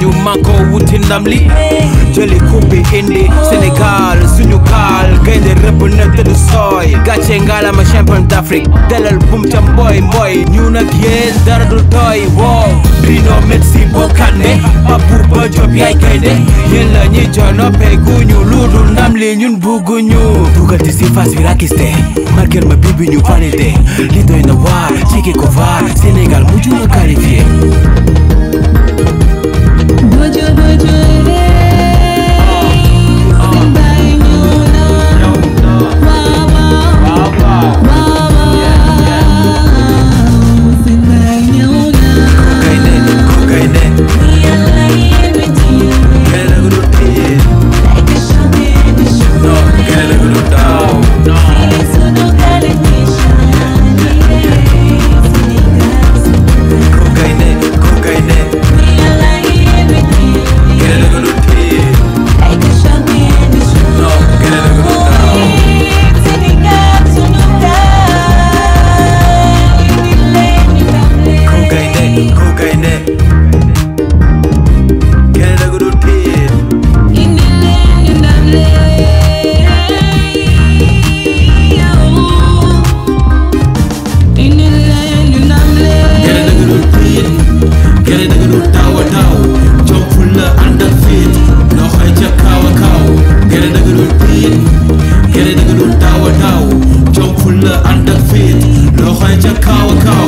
ñu mànkoo wuti ndam li jëli coupe indi senegal suñu kaal de rëbb na te du sooy gàcce ngaalama champion d'Afrique dalal bum ca Boy, mbooy ñu nag yéen dara du tooy wow Bruno Metsu Bokane Abouba Diop yaay de yéen la ñuy jono peguñu lu dul ndam li ñun bugguñu dugal ci si face bi rakiste ma bibi ñu validé li doy na waar jege ko ànd ak fit loxoy ca kaw a kaw